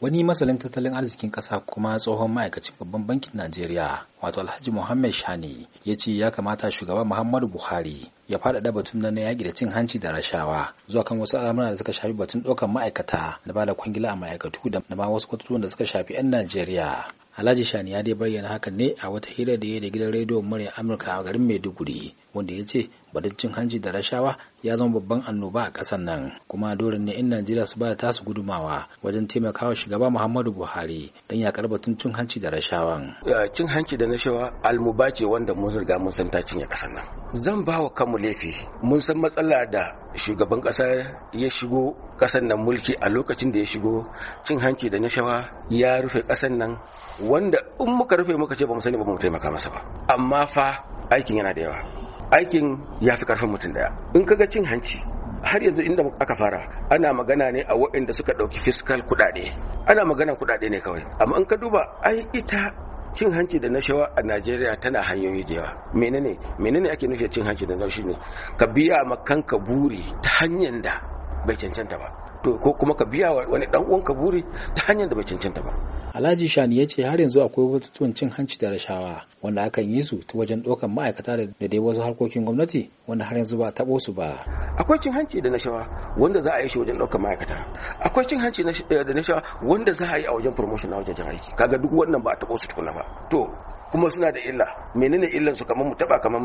wani masanin tattalin arzikin ƙasa kuma tsohon ma'aikacin babban bankin najeriya wato alhaji muhammad shani ya ce ya kamata shugaban muhammadu buhari ya faɗaɗa batun na yaƙi da cin hanci da rashawa zuwa kan wasu al'amuran da suka shafi batun ɗaukar ma'aikata na ba da kwangila a ma'aikatu da ma wasu kwatutuwan da suka shafi 'yan najeriya Alhaji Shani ya dai bayyana hakan ne a wata hira da ya yi da gidan rediyon murya Amurka a garin Maiduguri wanda ya ce batun cin hanci da rashawa ya zama babban annoba a ƙasar nan kuma dole ne in najeriya su bada tasu gudumawa wajen taimakawa shugaba muhammadu buhari don yakar batun cin hanci da rashawan cin hanci da rashawa almuba ce wanda mun riga mun san ta cinye ƙasar nan zan ba wa kanmu laifi mun san matsala da shugaban ƙasa ya shigo ƙasar nan mulki a lokacin da ya shigo cin hanci da rashawa ya rufe ƙasar nan wanda in muka rufe muka ce ba mu sani ba mu taimaka masa ba amma fa aikin yana da yawa aikin ya fi karfin mutum daya in kaga cin hanci har yanzu inda aka fara ana magana ne a waɗanda suka ɗauki fiskal kuɗaɗe ana magana kuɗaɗe ne kawai amma in ka duba ai ita cin hanci da nashawa a Najeriya tana hanyoyi da yawa menene menene ake nufi cin hanci da nashawa ne ka biya ma kanka buri ta hanyar da bai cancanta ba to ko kuma ka biya wa wani dan uwanka buri ta hanyar da bai cancanta ba Alhaji Shani ya ce har yanzu akwai wata tuwon cin hanci da rashawa wanda akan yi su ta wajen ɗaukar ma'aikata da dai wasu harkokin gwamnati wanda har yanzu ba a taɓo su ba. Akwai cin hanci da nashawa wanda za a yi shi wajen ɗaukar ma'aikata. Akwai cin hanci eh, da nashawa wanda za a yi a wajen promotion na wajen aiki. Kaga duk wannan ba a taɓo su tukuna ba. To kuma suna da illa menene illan su kamar mu taba kamar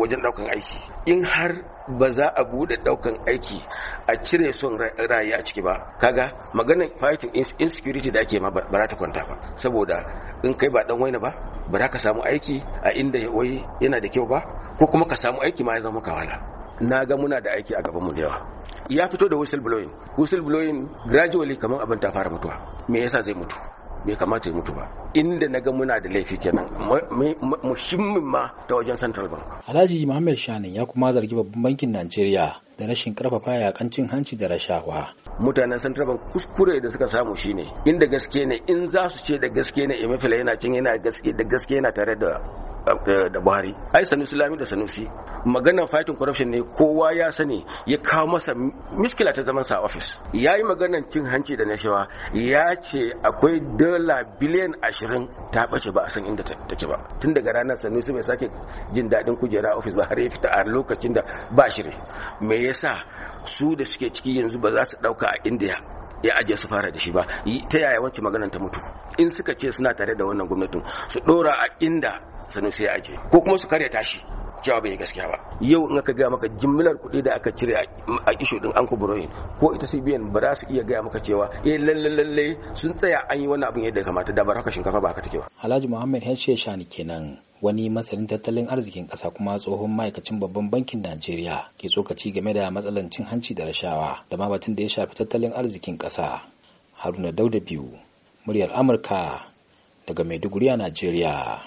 wajen daukan aiki in har ba za a bude daukan aiki a cire son rayi a ciki ba kaga maganar fighting insecurity da ake ma ba ta kwanta ba saboda in kai ba dan waina ba ba za ka samu aiki a inda wai yana da kyau ba ko kuma ka samu aiki ma ya zama kawala na ga muna da aiki a gaban mu da yawa ya fito da whistle blowing whistle blowing gradually kamar abin ta fara mutuwa me yasa zai mutu bai kamata ya mutu ba inda na ga muna da laifi kenan muhimmin ma ta wajen central bank alhaji muhammad shanin ya kuma zargi babban bankin nigeria da rashin karfafa yakan cin hanci da rashawa mutanen central bank kuskure da suka samu shine inda gaske ne in za su ce da gaske ne emefiele yana cin yana gaske da gaske yana tare da da buhari ai sanusi lami da sanusi maganar fighting corruption ne kowa ya sani ya kawo masa miskila ta zaman sa office ya yi maganar cin hanci da nashawa ya ce akwai dala biliyan ashirin ta bace ba a san inda take ba tun daga ranar sanusi bai sake jin daɗin kujera office ba har ya fita a lokacin da ba shire me yasa su da suke ciki yanzu ba za su ɗauka a indiya ya ajiye su fara da shi ba ta yaya wacce maganar ta mutu in suka ce suna tare da wannan gwamnatin su dora a inda sanusi ya ajiye ko kuma su karya tashi cewa bai gaskiya ba yau in aka gaya maka jimlar kuɗi da aka cire a isho din an kuburoyin ko ita cbn ba za su iya gaya maka cewa eh lalle lalle sun tsaya an yi wani abin yadda kamata da ba haka shinkafa ba haka take ba alhaji muhammad hashe shani kenan wani masanin tattalin arzikin kasa kuma tsohon ma'aikacin babban bankin najeriya ke tsokaci game da matsalan cin hanci da rashawa da ma batun da ya shafi tattalin arzikin ƙasa haruna dauda biyu muryar amurka daga maiduguri a najeriya